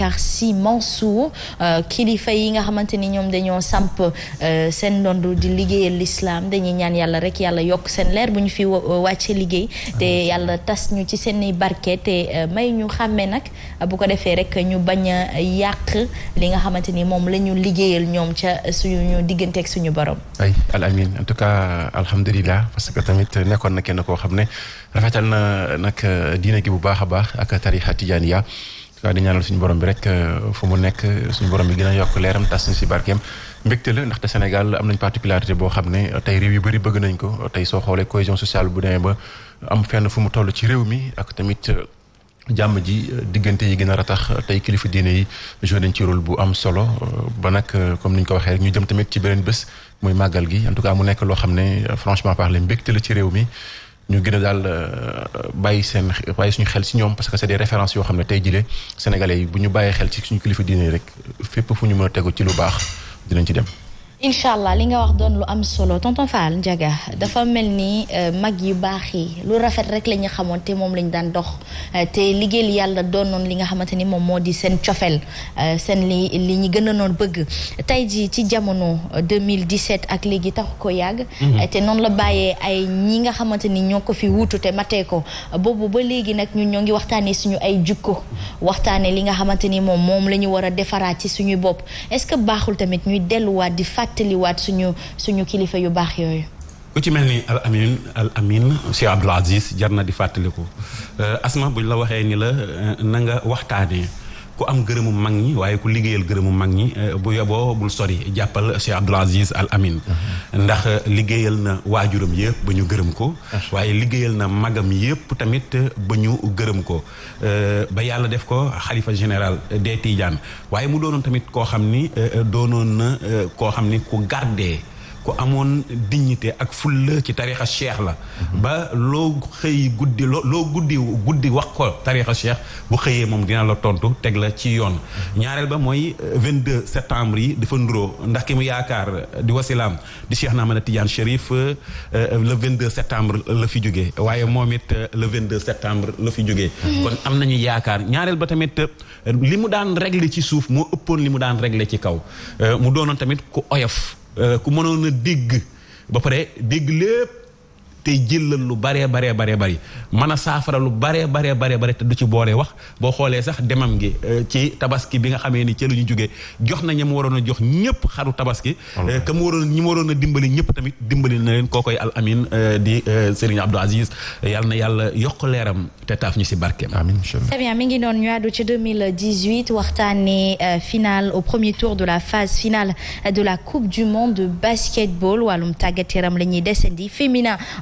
Babacar Sy Mansour euh, kilifa yi nga xamante ni ñoom dañoo samp euh, seen ndond di liggéeyal lislaam dañuy ñaan yàlla rek yàlla yokk seen leer bu ñu fi euh, wàccee liggéey te yàlla tas ñu ci seen barke te may ñu xàmme nag bu ko defee rek ñu bañ a yàq li nga xamante ni moom la ñu liggéeyal ñoom ca suñu ñu digganteek suñu borom. ay al amin en tout cas parce que tamit nekkoon na kenn koo xam ne rafetal na nag diine gi bu baax a baax ak tarixa tijaaniya waaw di ñaanal suñu borom bi rek euh, fu mu nekk suñu borom bi gën a yokk leeram tas na si barkeem mbégte la ndaxte Sénégal am nañ particularité boo xam ne tey réew yu bëri bëgg nañ ko tey soo xoolee cohésion sociale bu demee ba am fenn fu mu toll ci réew mi ak tamit euh, jàmm ji euh, diggante yi gën a ratax tey kilifa diine yi joué nañ ci rôle bu am solo ba nag comme ni ñu ko waxee rek ñu jëm tamit ci beneen bés muy màggal gi en tout cas mu nekk loo xam ne franchement parler mbégte la ci réew mi. ñu gën a daal euh, bàyyi seen bàyyi suñu xel si ñoom parce que c'est yoo xam ne tey jile sénégalais yi bu ñu bàyyee xel ci suñu kilifa diine rek fépp fu ñu mën a tegu ci lu baax dinañ ci dem incha allah li nga wax doon lu am solo tonton Fall Ndiaga dafa mel ni euh, mag yu baax yi lu rafet rek la ñu xamoon te moom la ñu daan dox euh, te liggéey li yàlla doonoon li nga xamante ni moom moo di seen cofeel euh, seen li li ñu gën a noon bëgg tey jii ci jamono 2017 ak léegi taxu ko yàgg. Mhm. te noonu la bàyyee ay ñi nga xamante ni ñoo ko fi wuutu te ko boobu ba léegi nag ñun ñoo ngi waxtaanee suñu ay jukko waxtaanee li nga xamante ni moom moom la ñu war a defaraat ci suñu bopp est baaxul tamit ñuy delluwaat di fàtt fàttaliwaat suñu suñu kilifa yu baax yooyu. ku ci mel ni al amin al amin Cheikh Abdoul Aziz jar na di fàttaliku euh, asma buñ la waxee ni la euh, na nga waxtaanee. ku am gërëmu mag ñi waaye ku liggéeyal gërëmu mag ñi eh, bu yoboo bul sori jàppal Cheikh Abdoul Aziz Al Amin uh-huh. ndax eh, liggéeyal na waajuram yëpp ba ñu gërëm ko uh-huh. waaye liggéeyal na magam yëpp tamit eh, ba ñu gërëm ko ba yàlla def ko xalifa général des Tidiane waaye mu doonoon tamit koo xam ni doonoon na koo xam ni ku gardé ku amoon dignité ak fulla ci tarixa cheikh la ba loo xëy guddi loo loo guddi guddi wax ko tarixa cheikh bu xëyee moom dinaa la tontu teg la ci yoon ñaareel ba mooy euh, vingt deux septembre yi dafa nduroo ndax ki mu yaakaar euh, di wasilaam di cheikh naamana tidiane chérif euh, le deux septembre la fi jógee waaye moom it le deux septembre la fi jógee kon am nañu yaakaar ñaareel ba tamit li mu daan régler ci suuf moo ëppoon li mu daan régler ci kaw mu doonoon tamit ku oyof Euh, ku mënoon a dégg ba pare digg lépp. tey jëlal lu baree baree baree bari mën a saafara lu baree baree baree bari te du ci booree wax boo xoolee sax demam gi euh, ci tabaski bi nga xamee ni ci la ñu jógee jox na ña mu waroon a jox ñëpp xaru tabaski euh, ka mu waroon ñi mu waroon a dimbali ñëpp tamit dimbali na leen kookoy al amin euh, di Serigne Abdou Aziz yàlla na yàlla yokk leeram te taaf ñu si barkeem amiin très bien mi ngi noonu ñu àddu ci 2018 waxtaanee finale au premier tour de la phase finale de la coupe du monde de basketball wàllum tàggat yaram la ñuy descendi féminin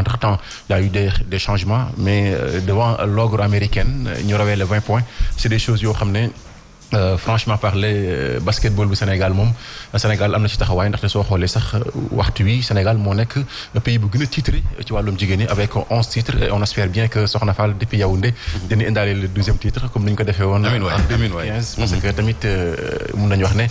entre-temps, il y a eu des, des changements, mais euh, devant l'ogre américaine, euh, ñu rawee les 20 points c'est des choses yoo xam ne Euh, franchement parler euh, basketball bu Sénégal moom Sénégal am na ci taxawaay ndaxte soo xoolee sax waxtu wi Sénégal moo nekk pays bu gën a titré ci wàllum jigéen ñi avec onze titres et on espère bien que Soxna Fall depuis Yaoundé. dina indaale le douzième titre comme ni ñu ko defee woon. en deux mille quinze parce tamit mun nañu wax ne.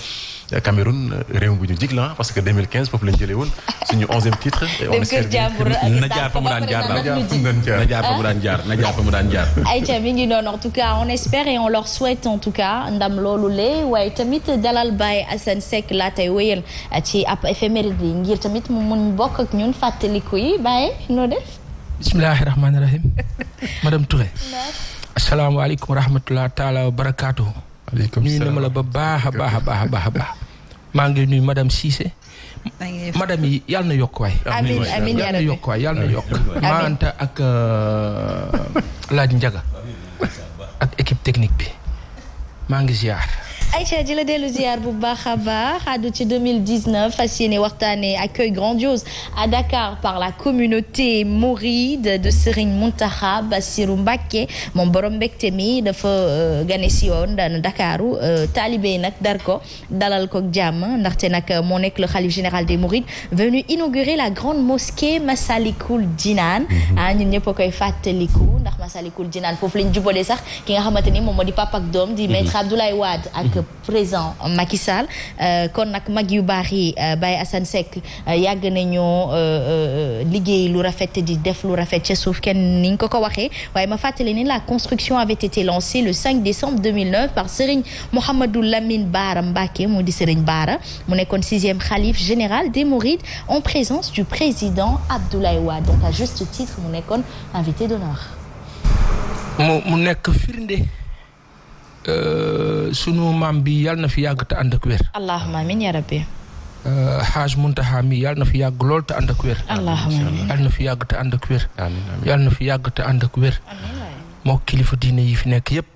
Cameroun réew bu ñu jig la parce que 2015 foofu lañ jëlee woon suñu onzième titre. dem kër jàmbur na jaar fa mu daan jaar na jaar fa mu daan jaar na jaar fa mu daan jaar. ayca mi ngi noonu en tout on espère et on leur souhaite en tout cas ndam loolu lee tamit dalal Baye Assane Seck laa tey wéyal ci ngir tamit mun bokk ak ñun fàttaliku yi Baye noo madame Touré. asalaamaaleykum wa rahmatulah taalaa wa waaleykum salaam nuyu na ma la ba baax a baax a baax a baax a baax maa ngi nuyu madam Cissé. madame yi yàlla na yokk waay. amiin na yokk waay yàlla na yokk. maanta ak euh, laaj njaga ak équipe technique bi maa ngi ziar. Aïcha di la dellu ziar bu baax a baax àddu ci 2019 fas yéene waxtaane accueil grandiose à Dakar par la communauté mouride de Serigne Mountakha Bassirou Mbacké moom borom mbégte mi dafa euh, gane si woon daan Dakaru euh, taalibe nag dar ko dalal ko jàmm ndaxte nag euh, moo nekk le khalife général de mourides venu inaugurer la grande mosquée Massalikul Jinaan mhm. ah ñun ñëpp a koy fàttaliku ndax Massalikul Jinaan foofu lañ jubalee sax ki nga xamante ni moom moo di papa ak doom di mhm. maître Abdoulaye Wade ak ak président Macky Sall euh, kon nag mag yu baax yi euh, Baye Assane Seck euh, yàgg nañoo liggéey lu rafet di def lu rafet ca suuf kenn niñ ko ko waxee waaye ma fàttali ni la construction avait été lancée le 5 décembre 2009 par Serigne Mouhamadou Lamine Bara Mbacké mu di Serigne Bara mu nekkoon sixième khalife général des Mourides en présence du président Abdoulaye Wade donc à juste titre mu nekkoon invité d'honneur mu Euh, sunu maam bi yàlla na fi yàgg te ànd ak wér. allahumma yàlla euh, na fi yàgg lool te ak wér. fi yàgg te na fi yàgg ànd ak wér. moo kilifa diine yi nekk yëpp.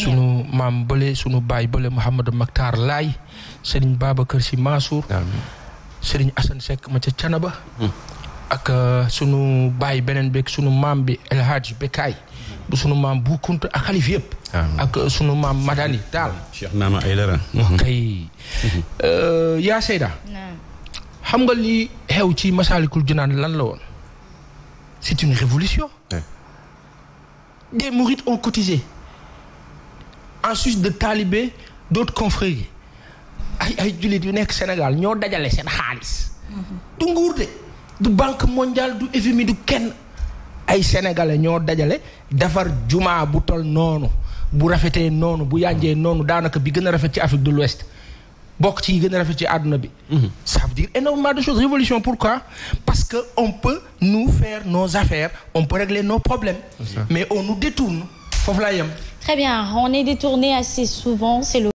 sunu maam bële sunu baay bële Mouhamadou Mactar Laay Serigne Babacar Sy Mansour. Serigne Assane Seck ma ca Canaba. Hmm. ak euh, sunu baay beneen beeg sunu maam bi El Hadj bu sunu maam bu kunt ak xalif yëpp. ak euh, sunu maam Madani Taal. Cheikh Naama Aydara. kay mhm. euh, yaa Seyda. xam nga li xew ci Masaalikul Jinaan lan la woon. c'est une révolution. des mourides ont cotisé. en sus de talibés d'autres confrères ay ay jullit yu nekk Sénégal ñoo dajale seen xaalis. Mhm. du nguur de du banque mondiale du FMI du kenn. ay sénégalais ñoo dajale defar jumaa bu tol noonu bu rafetee noonu bu yànjee noonu daanaka bi gën a rafet ci Afrique de l'Ouest bokk ci yi gën a rafet ci àdduna bi. Mhm. ça veut dire énormément de choses révolution pourquoi parce que on peut nous faire nos affaires on peut régler nos problèmes. mais on nous détourne foofu la yem. très bien on est détourné assez souvent